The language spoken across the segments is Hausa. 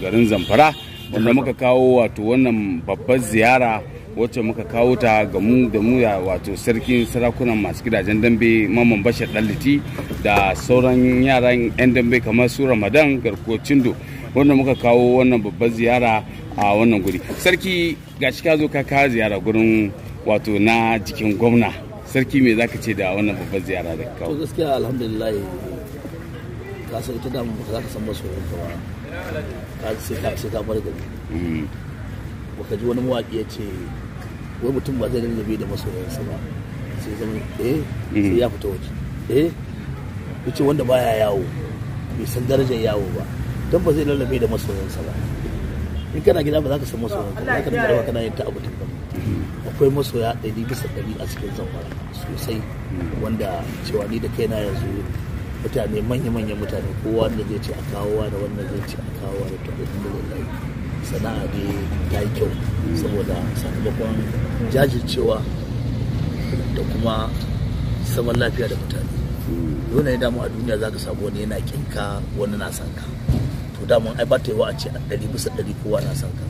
garin zamfara wanda muka kawo wato wannan babbar ziyara wacce muka kawo ta ga mu da mu ya wato sarkin sarakunan masu gidajen dambe mamman bashar daliti da sauran yaran 'yan dambe kamar su ramadan garko cindo wanda muka kawo wannan babbar ziyara a wannan guri sarki ga shi ka zo ka kawo ziyara gurin wato na jikin gwamna sarki me zaka ce da wannan babbar ziyara da kawo gaskiya alhamdulillah ka san da mu ba za ka san ba ka sai ka sai ka bar gari mm. baka ji wani mawaƙi ya ce wai mutum ba zai rinjabe da masoyansa ba sai zama eh sai mm. ya fita waje eh wuce wanda baya yawo bai san darajar yawo ba don ba zai lallabe da masoyansa ba in kana gida ba za ka san masoyanka ba za ka dinga kana yin ta abu tabbata mm. akwai masoya ɗari bisa ɗari a cikin zamfara sosai wanda cewa ni da kaina yanzu mutane manya-manya mutane kowa da zai ce a kawowa da wannan zai ce a kawowa da ta alhamdulillah sana'a ne, ta yi kyau saboda sakamakon jajircewa da kuma saman lafiya da mutane dole ne damu a duniya za ka samu wani yana kinka wani na sanka to damun ai ba ta yiwa a ce a ɗari bisa ɗari kowa na sanka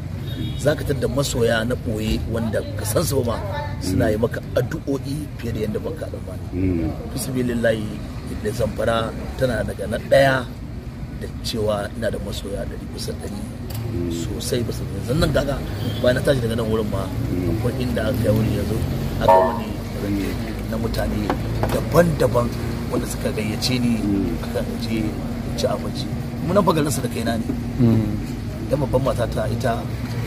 za ka tadda masoya na ɓoye wanda ka san su ma suna yi maka addu'o'i fiye da yadda baka tsammani mm. bismillahi inda zamfara tana daga na ɗaya da cewa ina da masoya dari kusan ɗari sosai ba yanzu nan gaga bayan na tashi daga nan wurin ma akwai inda aka kai wuri yanzu aka wani na mutane daban-daban wanda suka gayyace ni akan je ci abinci muna bagarin da kaina ne yan mm. babban mata ta ita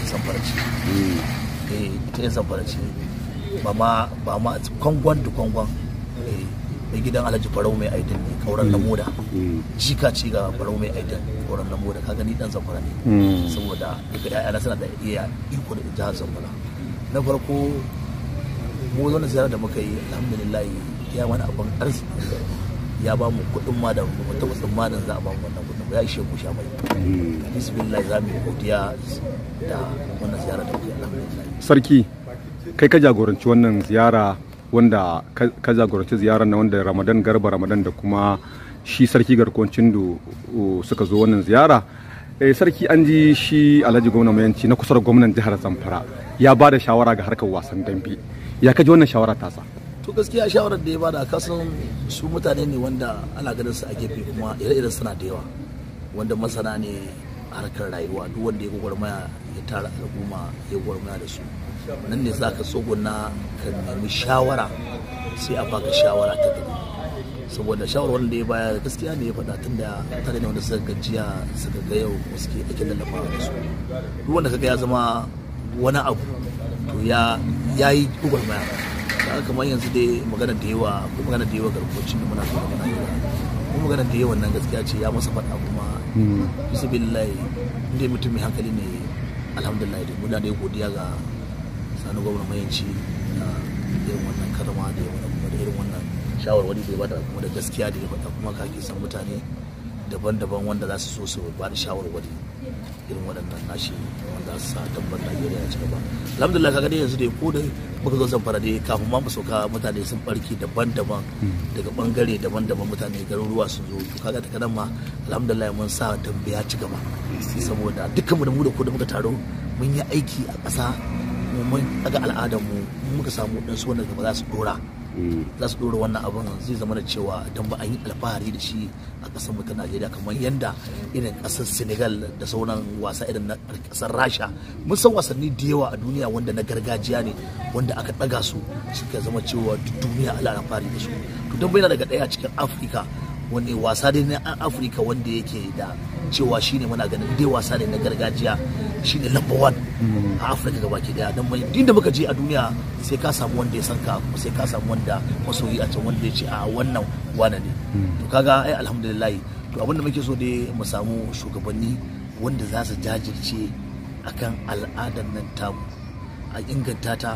zamfara ce mm. eh ita zamfara ce ba ma ba kwangon da kwangon eh, mai gidan alhaji farau mai aidin ne kauran mm. na moda mm. jika ce ga farau mai aidin kauran na moda kaga ni dan zamfara ne mm. saboda duka ƴaƴana suna da iya iko da jihar zamfara na farko mu zo na ziyara da muka yi alhamdulillah ya wani abin arziki ya ba mu kuɗin ma da mu taɓa tsammanin za a ba mu wannan kuɗin ya ishe mu sha mai bismillah za mu godiya da wannan ziyara da muka yi alhamdulillah sarki kai ka jagoranci wannan ziyara wanda ka jagoranci ziyarar na wanda ramadan garba ramadan da kuma shi sarki garkuwan cindo suka zo wannan ziyara eh, sarki an ji shi alhaji gwamna mayanci na kusa da gwamnan jihar zamfara ya ba da shawara ga harkar wasan dambe ya kaji wannan shawara tasa to gaskiya shawarar da ya bada kasan su mutane ne wanda ana ganin su a gefe kuma ire-iren suna da yawa wanda masana ne harkar rayuwa duk wanda ya gwagwarmaya ya tara al'umma ya gwagwarmaya da su nan ne za ka na ka nemi shawara sai a baka shawara ta gani saboda shawara wanda ya baya gaskiya ne ya faɗa tun da ta gani wanda suka gajiya suka ga yau suke ake lallafa da su duk wanda kaga ya zama wani abu to ya ya yi gwagwarmaya ta kamar yanzu dai magana da yawa ko magana da yawa garkocin da muna kuma magana yawa ko magana da yawa nan gaskiya ce ya masa faɗa kuma hmm. bisa billahi inda mutum mai hankali ne alhamdulillah da muna da godiya ga sani gwamnati, mai ci da irin wannan karama da yawan kuma da irin wannan shawarwari da ya bada kuma da gaskiya da ya bada kuma kake san mutane daban-daban wanda za su so su ba da shawarwari irin waɗannan nashi wanda su sa tabbar Najeriya ya ci gaba alhamdulillah kaga dai yanzu dai ko dai muka zo zan fara dai kafin ma mu sauka mutane sun barki daban-daban daga bangare daban-daban mutane garuruwa sun zo to kaga ta ma alhamdulillah mun sa tambaya ci gaba saboda dukkan mu da mu da ko da muka taro mun yi aiki a ƙasa mun daga al'adar mu muka samu dan su wanda gaba za su dora mm. za su dora wannan abin zai zama da cewa don ba an yi alfahari da shi a kasar mu ta Najeriya kamar yanda irin kasar Senegal da sauran wasa irin na kasar Rasha mun san wasanni da yawa a duniya wanda na gargajiya ne wanda aka daga su suka zama cewa duniya ala alfahari da su to don bai daga daya cikin Afirka wani wasa dai na Afirka wanda yake da cewa shi shine muna ganin dai wasa ne na gargajiya shi ne number one a afirka gaba baki daya don mai inda muka je a duniya sai ka samu wanda ya sanka ka kuma sai ka samu wanda masoyi a can wanda ya ce a wannan wane ne hmm. to kaga ai alhamdulillah to abin da muke so dai mu samu shugabanni wanda za su jajirce akan al'adar nan ta a inganta ta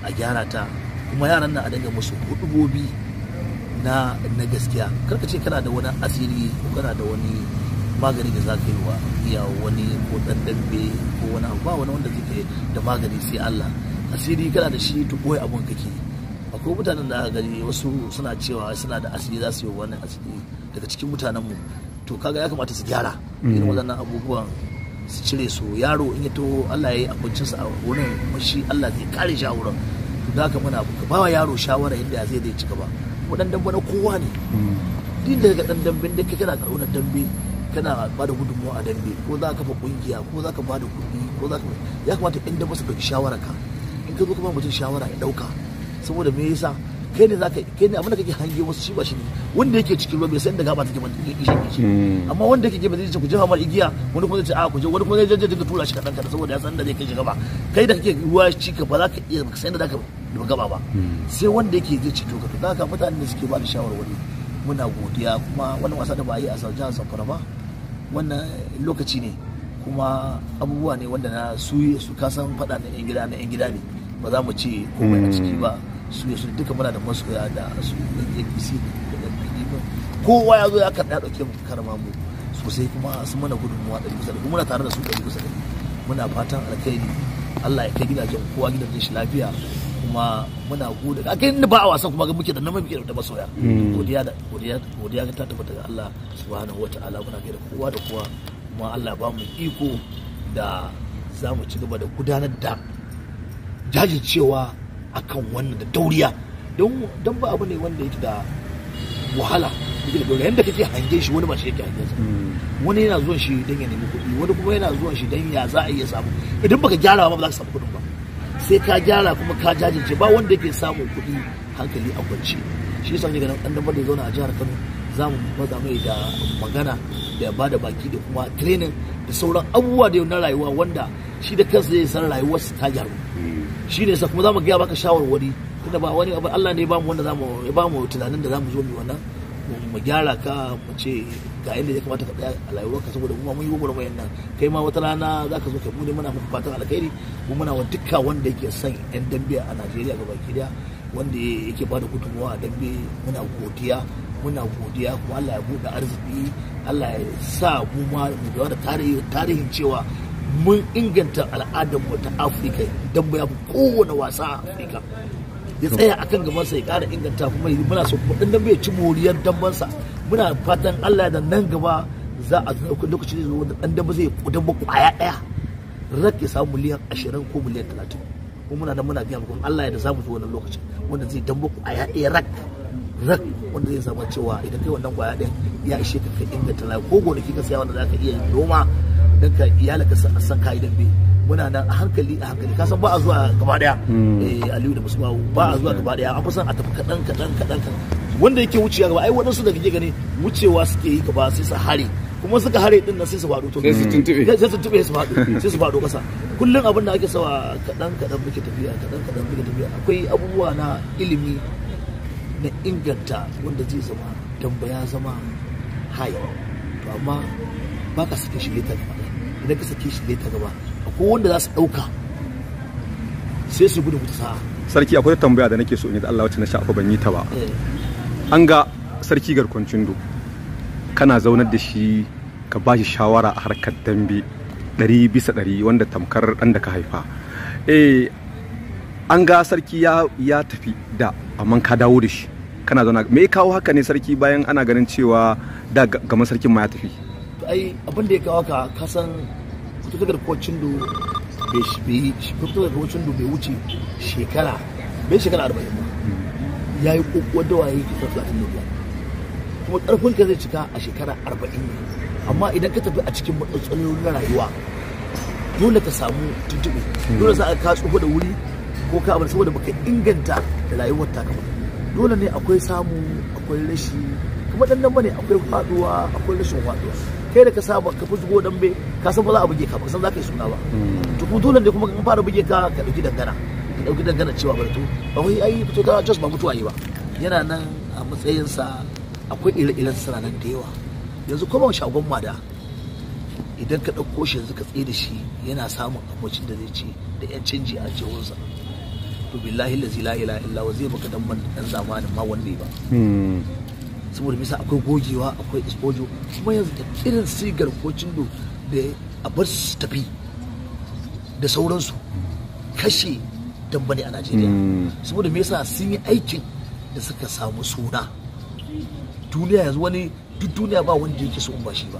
a gyara ta kuma yaran nan a dinga musu hudubobi na na gaskiya karka ce kana da wani asiri ko kana da wani magani da za ka yi wa iya wani ko ɗan dambe ko wani abu ba wani wanda zai da magani sai Allah asiri kana da shi to boye abun kake akwai mutanen da aka gani wasu suna cewa suna da asiri za su yi wani asiri daga cikin mutanen mu to kaga ya kamata su gyara irin mm. waɗannan abubuwan su cire su yaro in ya to Allah ya yi abincinsa a wurin kuma shi Allah zai kare shi a wurin to da ka muna ka ba yaro shawara inda zai zai ci gaba waɗannan bana kowa ne mm. din daga ɗan dambe da kake kana karunar dambe kana ba da gudunmawa a dambe ko za ka fa kungiya ko za ka ba da kudi ko za ka ya kamata in da ɗauki shawara ka in ka zo ka ba mutum shawara ya ɗauka saboda me yasa kai ne ka kai ne abinda kake hange wasu shi ba shi ne wanda yake cikin ruwa bai san da gaba take ba take shi shi mm. amma wanda yake gaba zai ce ku je hamar igiya wani kuma zai ce a ah, ku je wani kuma zai je da tura shi kadan kadan saboda ya san da zai kai shi gaba kai da kake ruwa shi ka ba za ka iya ka san da zaka ba gaba ba mm. sai wanda yake zai ci to ka to da haka mutanen da suke ba da shawarwari muna godiya kuma wani wasa da ba yi a a saukar ba wannan lokaci ne kuma abubuwa ne wanda na su su kasan faɗa na 'yan gida na 'yan gida ne ba za mu ce komai a ciki ba su ya su duka muna da masoya da su apc da pdp kowa ya zo ya karɗa ɗauke mu karama mu sosai kuma sun mana gudunmuwa ɗari kusa da muna tare da su ɗari kusa da muna fatan alkhairi allah ya kai gidajen kowa gidajen shi lafiya kuma muna gode a inda ba a wasan kuma ga muke da nan muke da masoya hmm. godiya da godiya godiya ga ta tabbata ga Allah subhanahu wataala muna gaida kowa da kowa kuma Allah ba mu iko da za mu ci gaba da gudanar da jajircewa akan wannan da dauriya don ba abu ne wanda yake da wahala yake da dauriya yadda kake hange shi wani ba shi yake hange hmm. wani yana zuwan shi don ya nemi kuɗi wani kuma yana zuwan shi don ya za a iya samu idan baka gyara ba ba za ka samu kuɗin ba sai ka gyara kuma ka jajirce ba wanda yake samun kuɗi hankali a kwance shi yasa ga nan dan da zauna a jihar Kano za mu maza mai da magana da ba da baki da kuma training da sauran abubuwa da yau na rayuwa wanda shi da kansa zai san rayuwar su ta gyaru hmm. shi ne sa kuma za mu gaya baka shawarwari tunda ba wani abu Allah ne ya bamu wanda za mu ya bamu tunanin da za mu zo mu wannan mu gyara ka mu ce ga inda ya kamata ka tsaya a rayuwarka saboda mu mun yi gurin wayan nan kai ma wata rana za ka zo ka bude muna muku fatan alkhairi mu muna wa duka wanda yake son yan dambe a Najeriya gaba daya wanda yake bada gudunmawa a dambe muna godiya muna godiya kuma Allah ya buɗe arziki Allah ya sa mu ma mu ga tarihi tarihin cewa mun inganta al'adarmu ta Afirka dambe ya fi kowane wasa a Afirka ya tsaya akan gabansa ya ƙara inganta kuma muna so kuma dan bai ci moriyar dambansa muna fatan Allah da nan gaba za a ɗauki lokacin da zuwa dan damba zai ba kwaya ɗaya rak ya samu miliyan ashirin ko miliyan talatin kuma muna da muna biya kuma Allah ya da zamu zo wannan lokacin wanda zai damba kwaya ɗaya rak rak wanda zai zama cewa idan kai wannan kwaya ɗaya ya ishe ka ka inganta lafiya ko gonaki ka saya wanda za ka iya noma don ka iyalaka san ka idan bai muna nan a hankali a hankali kasan ba a zuwa gaba daya hmm. eh, aliyu da musumawu ba a zuwa gaba daya an kusan a tafi kaɗan kaɗan kaɗan wanda yake wucewa gaba ai waɗansu da kake gani wucewa suke yi gaba sai su hare kuma suka hare din nan sai su faɗo to sai su tuntube sai su tuntube su faɗo sai su faɗo ƙasa kullum abin da ake sawa kaɗan kaɗan muke tafiya kaɗan kaɗan muke tafiya akwai abubuwa na ilimi na inganta wanda zai zama tambaya zama haya to amma ba ka sake shi ta gaba idan ka sake shi ta gaba ko wanda za su ɗauka sai su gudu wata sarki akwai tambaya da nake so in yi da Allah wacce na sha ban yi ta ba eh. an ga sarki garkon cindo kana zaunar da shi ka ba shi shawara a harkar dambe ɗari bisa ɗari wanda tamkar ɗan da ka haifa eh an ga sarki ya tafi da amma ka dawo da shi kana zauna me kawo haka ne sarki bayan ana ganin cewa da gama sarkin ma ya tafi ai abin da ya kawo ka kasan fitar kocin do bai da kocin do bai wuce shekara bai shekara arba'in ba ya yi kokowar da waye yi kusan talatin da biyar kuma karfin ka zai cika a shekara arba'in ne amma idan ka tafi a cikin matsalolin na rayuwa dole ka samu tuntuɓe dole za a ka tsoho da wuri ko ka abar saboda baka inganta da rayuwar ta kama dole ne akwai samu akwai rashi kuma dan nan bane akwai faduwa akwai rashin faduwa kai da ka saba ka fi zuwa dambe ka san ba za a buge ka ba san za ka yi suna ba to ku dole ne kuma in fara buge ka ka dauki dangana ka dauki dangana cewa ba to ba wai ai to ta just ba mutuwa yi ba yana nan a matsayinsa akwai ire-iren sana nan da yawa yanzu kuma shagon mada idan ka ɗauko shi yanzu ka tsaye da shi yana samun abocin da zai ci da yan canji a jawonsa. to billahi la ilaha illallah wa zai baka dan dan zamanin ma wanda ba hmm. saboda bisa akwai gogewa akwai isbojo. kuma yanzu da irin sigar ko cindo da a bar su tafi da sauransu kashe dambane a najeriya hmm. saboda me yasa sun yi aikin da suka samu suna duniya yanzu wani duk duniya ba wanda yake so ba shi ba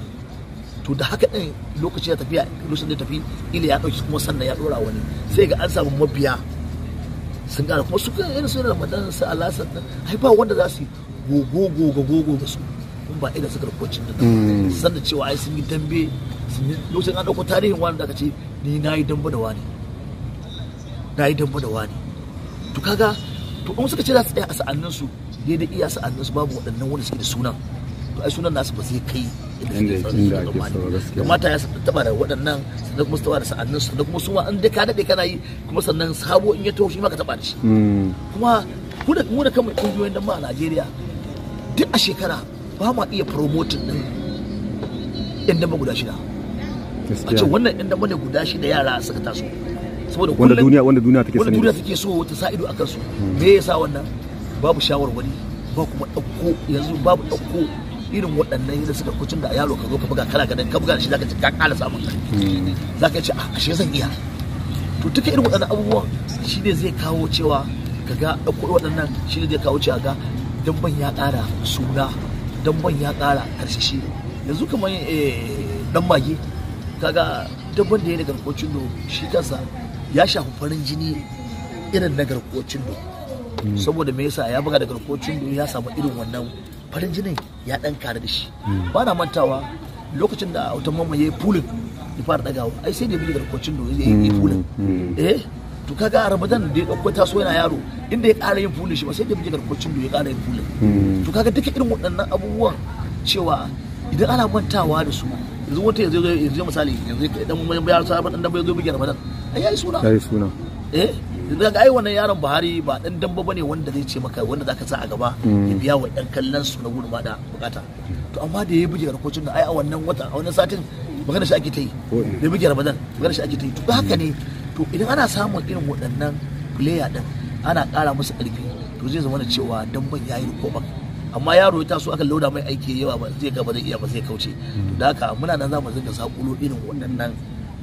to da haka ɗin lokaci ya tafiya lokacin da tafi ila ya ɗauki kuma sannan ya ɗora wani sai ga an samu mabiya sun gane kuma su kan irin su ramadan su a nan ai ba wanda za su gogo gogo gogo ga su kun ba irin su garkocin da hmm. Sannan cewa ai sun yi dambe lokacin an ɗauko tarihin wani da ce ni na yi damba da wani na yi damba da wani to kaga to in suka ce za su tsaya a sa'annin su daidai iya sa'annin su babu waɗannan wanda suke da sunan to ai sunan nasu ba zai kai inda ake so mata ya taba da waɗannan sannan kuma su taba da sa'annin su sannan kuma su ma an dai ka daɗe kana yi kuma sannan sabo in ya taho shi ma ka taba da shi hmm. kuma mu da kuma kamar ƙungiyoyin dan ma a Najeriya duk a shekara ba ma iya promoting din yan damba guda shida a ce wannan ɗan dama ne guda shi da yara suka taso saboda wanda duniya wanda duniya take sani wanda duniya take so ta sa ido akan su hmm. me yasa wannan babu shawarwari ba kuma ɗauko yanzu babu ɗauko irin waɗannan yadda suka kucin da yaro ka zo ka buga kala kadan ka buga shi zaka ce ka ƙara samun kai hmm. zaka ce a ah, ashe zan iya to duka irin waɗannan abubuwan shi ne zai kawo cewa ka ga ɗauko waɗannan shi ne zai kawo cewa ga damban ya ƙara suna damban ya ƙara karshe yanzu kamar dan eh, mage kaga duk wanda ya da garkocin do shi kansa ya shafi farin jini irin na garkocin do. Hmm. saboda me yasa ya buga da garkocin do ya samu irin wannan farin jinin ya dan kare da shi hmm. ba na mantawa lokacin da wata mamma ya yi pulin ya fara dagawa ai sai da bi garkocin do, ya yi hmm. pulin eh to kaga a ramadan da ya ta taso yana yaro inda ya ƙara yin pulin shi ba sai da bijigar garkocin do ya ƙara yin pulin. to kaga duka irin waɗannan abubuwan cewa idan ana mantawa da su yanzu wata yanzu yanzu misali yanzu dan bayar sa dan bai zo bige Ramadan ai yayi suna yayi suna eh daga ai wannan yaron Buhari ba dan damba bane wanda zai ce maka wanda zaka sa a gaba mm. ya biya wa ɗan kallon su na gudu ma da bukata to amma da yayi bige rakocin ai a wannan wata a wannan satin magana shi ake ta yi da bige Ramadan magana shi ake ta yi to haka ne to idan ana samun irin waɗannan player din ana ƙara musu ƙarfi to zai zama da cewa damban yayi ko baka amma yaro ya taso aka lauda mai aiki yawa ba zai gaba zai iya ba zai kauce to hmm. da haka muna nan zamu dinga sakulo irin waɗannan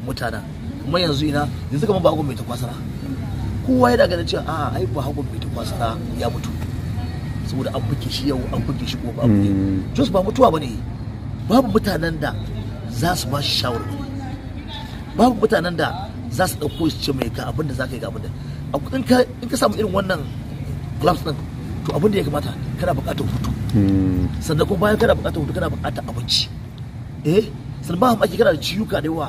mutanen kuma yanzu ina yanzu kamar ba mai ta kwasara kowa daga ganin cewa a ai ba hakon mai tukwasara ya mutu saboda an buke shi yau an buke shi ko ba buke jos ba mutuwa bane babu mutanen da za su ba shi shawarwari babu mutanen da za su ɗauko shi ce mai ga abin da za ka yi ga abin da in ka samu irin wannan clubs din to abin da ya kamata kana buƙatar hutu hmm. sannan kuma bayan kana buƙatar hutu kana buƙatar abinci eh sannan ba ake kana da ciyuka da yawa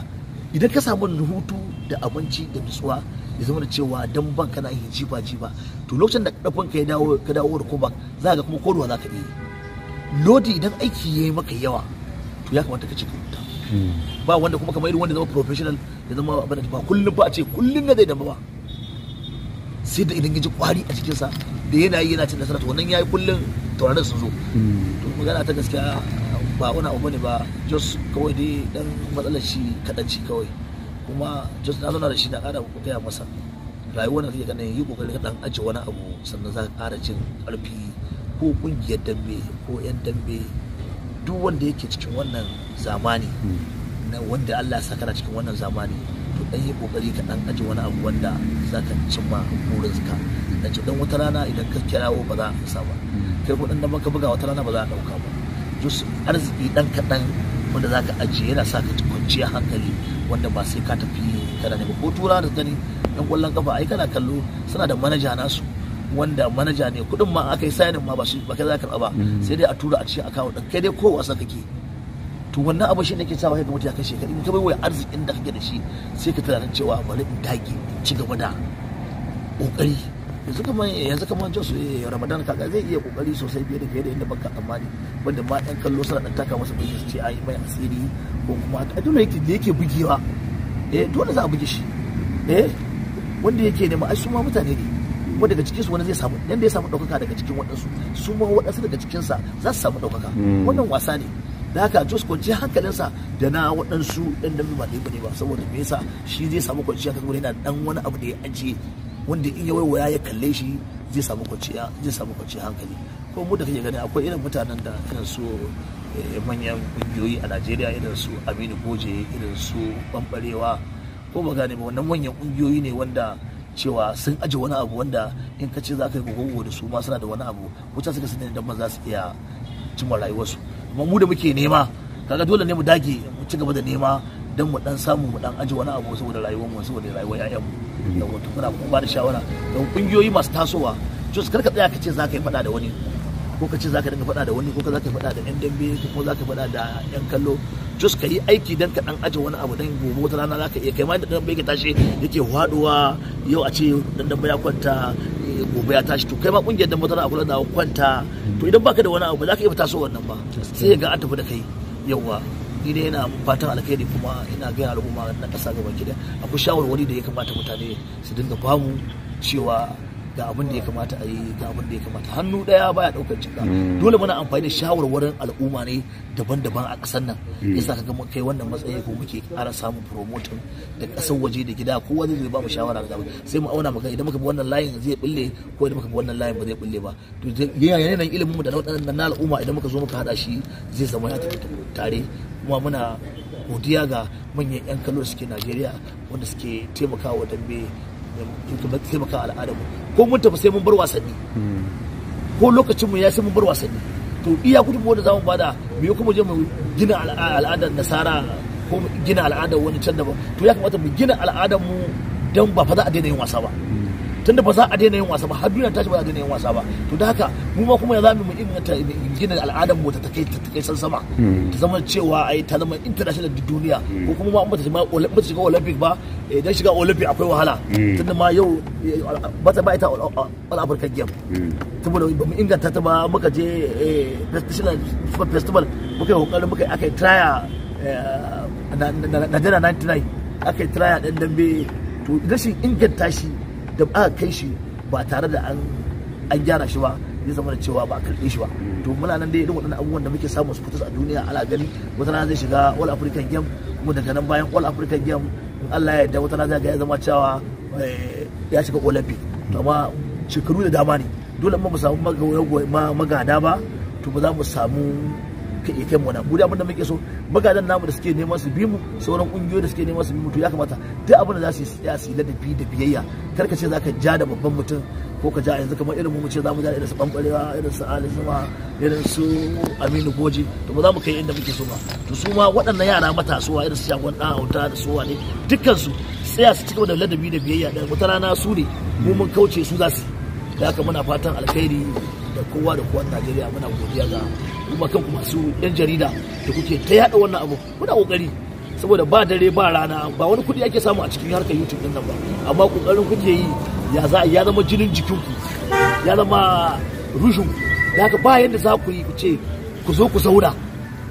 idan ka samu hutu da abinci da nutsuwa ya zama da cewa dan ban kana yin jifa jifa to lokacin da karfin ka ya dawo ka dawo da kuma za ka kuma kodowa za ka yi lodi idan aiki ya yi maka yawa to ya kamata ka ci hutu hmm. ba wanda kuma kamar irin wanda zama professional ya zama ba kullum ba a ce kullum na zai dama ba sai da idan ya ji kwari a cikinsa da yana yi yana cin nasara to wannan yayi kullun taurarin sun zo hmm. to magana ta gaskiya ba wani abu ne ba jos kawai dai dan matsalar shi kadanci kawai kuma jos na zauna da shi na kara gaya masa rayuwar da kake yi kokari ka dan aje wani abu sannan za ka kara jin karfi ko kungiyar dambe ko yan dambe duk wanda yake cikin wannan zamani hmm. na wanda Allah ya saka cikin wannan zamani dan yi kokari ka dan aje wani abu wanda zaka cimma burin ka dan ci dan wata rana idan ka kirawo ba za a isa ba kai dan da maka buga wata rana ba za a dauka ba just arziki dan dan wanda zaka aje yana sa ka kwanciya hankali wanda ba sai ka tafi kana ne ba ko tura da gani dan kwallon kafa ai kana kallo suna da manaja nasu wanda manaja ne kudin ma aka yi sayanin ma ba shi ba kai za ka ba mm. sai dai a tura a cikin account kai dai ko wasa kake to wannan abu shi ne ke sawa ga mutum ya kashe kaɗi ka bai wai arzikin da kake da shi sai ka tunanin cewa bari in dage ci gaba da ƙoƙari yanzu kamar yanzu kamar jos eh, ramadan kaga zai iya kokari sosai fiye da fiye da yadda baka tsammani wanda ma ɗan kallo suna ɗan taka masa bugi su ce ai mai asiri ko kuma a dole yake da yake bugewa eh dole za a buge shi eh wanda yake nema ai su ma mutane ne Ko daga cikinsu wani zai samu da ya samu ɗaukaka daga cikin waɗansu su ma waɗansu daga sa za su samu ɗaukaka hmm. wannan wasa ne da haka jos kwanciyar hankalinsa da na waɗansu ɗan da ba ne ba saboda me yasa shi zai samu kwanciyar hankali yana ɗan wani abu da ya ajiye wanda in ya waiwaya ya kalle shi zai samu kwanciya zai hankali ko mu da kake gani akwai irin mutanen da irin su eh, manyan ƙungiyoyi a Najeriya irin su Aminu Goje irin su ɓanɓarewa ko ba gane ba wannan manyan ƙungiyoyi ne wanda cewa sun aje wani abu wanda in ka ce za ka yi gogogo da su ma suna da wani abu wuce suka sanin da maza su iya cimma rayuwarsu kuma mu da muke nema kaga dole ne mu dage mu ci gaba da nema don mu dan samu mu dan aji wani abu saboda rayuwar mu saboda rayuwar ƴaƴan mu da wato muna ba da shawara don kungiyoyi masu tasowa jos kar ka tsaya ka ce za ka yi faɗa da wani ko ka ce za ka dinga faɗa da wani ko ka za ka faɗa da ƴan dambe ko za ka faɗa da 'yan kallo just ka yi aiki don ka dan aje wani abu don gobe wata rana ka iya kai ma da bai ka tashi yake haduwa yau a ce dan dan ya kwanta eh, gobe ya tashi to kai ma kungiyar dan mutara a kula da kwanta to idan baka da wani abu za ka iya taso wannan ba sai ga an tafi da kai yawa ni dai yana fatan alkhairi kuma ina ga al'umma na kasa gaba gida akwai shawarwari da ya kamata mutane su dinga bamu cewa ga abin da ya kamata a yi ga abin da ya kamata hannu daya baya daukar cika dole muna amfani da shawarwarin al'umma ne daban-daban a ƙasar nan hmm. yasa ka gama kai wannan matsayi ko muke ara samun promotion da ƙasar waje da gida kowa zai ba mu shawara da sai mu auna maka idan muka bi wannan layin zai bulle ko idan muka bi wannan layin ba zai bulle ba to nan ilimin mu da na al'umma idan muka zo muka hada shi zai zama ya tafi tare kuma muna godiya ga manyan 'yan kallo suke najeriya wanda suke taimakawa dambe taimaka al'adar mu ko mun tafi sai mun bar wasanni ko lokacin mu ya sai mun bar wasanni to iya gudunmuwar da zamu bada mu yi kuma je mu gina al'adar nasara ko gina al'adar wani can daban to ya kamata mu gina al'adar mu dan ba fa za a daina yin wasa ba tunda ba za a daina yin wasa ba har duniya ta ce ba za a daina yin wasa ba to da haka mu ma kuma ya zamu mu inganta gina al'adar mu ta kai ta kai san sama ta zama cewa ai ta zama international da duniya ko kuma ma ba ta ma ba shiga olympic ba idan shiga olympic akwai wahala tunda ma yau ba ta ba ita all africa game da ba mu inganta ta ba muka je festival festival muka yi kokarin muka aka yi traya na 99 aka yi traya dan dambe to rashin inganta shi da aka kai shi ba tare da an an gyara shi ba zai zama da cewa ba a karɓe shi ba mm. to muna nan dai irin waɗannan abubuwan da muke samun su a duniya ala gani wata rana zai shiga all african game kuma daga nan bayan all african game in Allah ya yarda wata rana zai ga ya zama cewa eh, ya shiga olympic to amma shekaru da dama ne dole mu samu magada ba to ba za mu samu ka kai mu mana mu da abin da muke so magadan namu da suke neman su bi mu sauran kungiyoyi da suke neman su bi mu to ya kamata duk abin da za su yi su yi ladabi da biyayya kar ka ce za ka ja da babban mutum ko ka ja yanzu kamar irin mu ce za mu ja irin su bambarewa irin su ali zuma irin su aminu goji to ba za mu kai inda muke so ba to su ma waɗannan yara matasuwa irin su shagon ɗan hauta da suwa ne dukkansu su tsaya su cigaba da ladabi da biyayya da wata rana su ne mu mun kauce su za su da haka muna fatan alkhairi da kowa da kowa Najeriya muna godiya ga kuma kanku masu yan jarida da kuke ta yada wannan abu muna kokari saboda ba dare ba rana ba wani kuɗi ake samu a cikin harkar YouTube din nan ba amma kokarin kuke yi ya za ya zama jinin jikinku ya zama rushin da haka ba yanda za ku yi ku ce ku zo ku zauna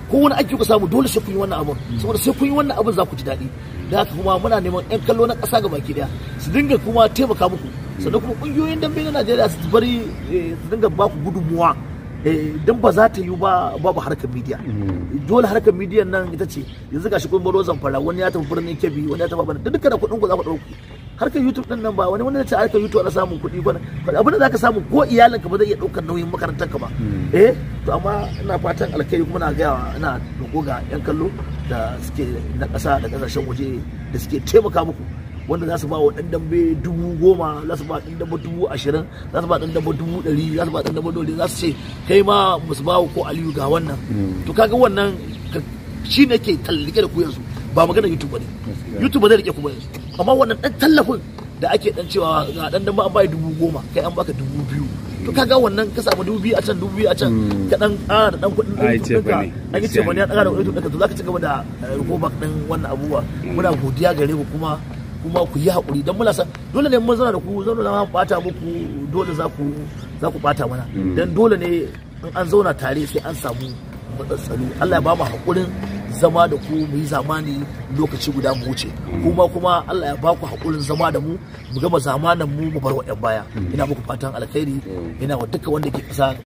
ko wani aiki ku samu dole sai kun yi wannan abu saboda sai kun yi wannan abun za ku ji daɗi da haka kuma muna neman yan kallo na ƙasa ga baki daya su dinga kuma taimaka muku sannan kuma ƙungiyoyin dambe na Najeriya su bari eh, su dinga ba ku gudunmuwa Eh, don ba za ta yi ba babu harkar midiya mm. dole harkar midiyan nan ita ce yanzu shi kun baro zamfara wani ya tafi birnin kebbi wani ya tafi bana duk da kuɗin ku za ku ɗauki harkar youtube din nan ba wani wani ce harkar youtube ana samun kuɗi ba abin da zaka samu ko ka ba zai iya ɗaukar nauyin makarantar ka ba mm. eh to amma ina fatan alkhairi kuma na ga ina dogo ga yan kallo da suke na ƙasa da ƙasashen waje da suke taimaka muku wanda za su ba wa dan dambe dubu goma za su ba dan dambe dubu ashirin za su ba dan dambe dubu ɗari za su ba dan dambe dole za su ce kai ma musu ba ko aliyu ga wannan hmm. to kaga wannan shi ne ke tallake da kuyansu ba magana youtube ne youtube ba zai rike kuma ba yanzu amma wannan dan tallafin da ake dan cewa ga dan dambe an ba dubu goma kai an baka dubu biyu to kaga wannan ka samu dubu biyu a can dubu biyu a can hmm. ka dan ƙara da dan kuɗin ka an yi ce bane an kara da kuɗin ɗinka to zaka ci gaba da eh, bak din wannan abubuwa muna godiya gare ku kuma kuma ku yi haƙuri don mulasa dole ne mun zana da ku zauna na bata muku dole za ku za bata mana mm. don dole ne in an zauna tare sai an samu matsatsalu Allah ya ba mu haƙurin zama da ku mu yi zamani lokaci guda mu wuce mm. kuma kuma Allah ya ba ku haƙurin zama da mu mu gama zamanin mu mu bar wa 'yan baya mm. ina muku fatan alkhairi ina wa duka wanda ke kusa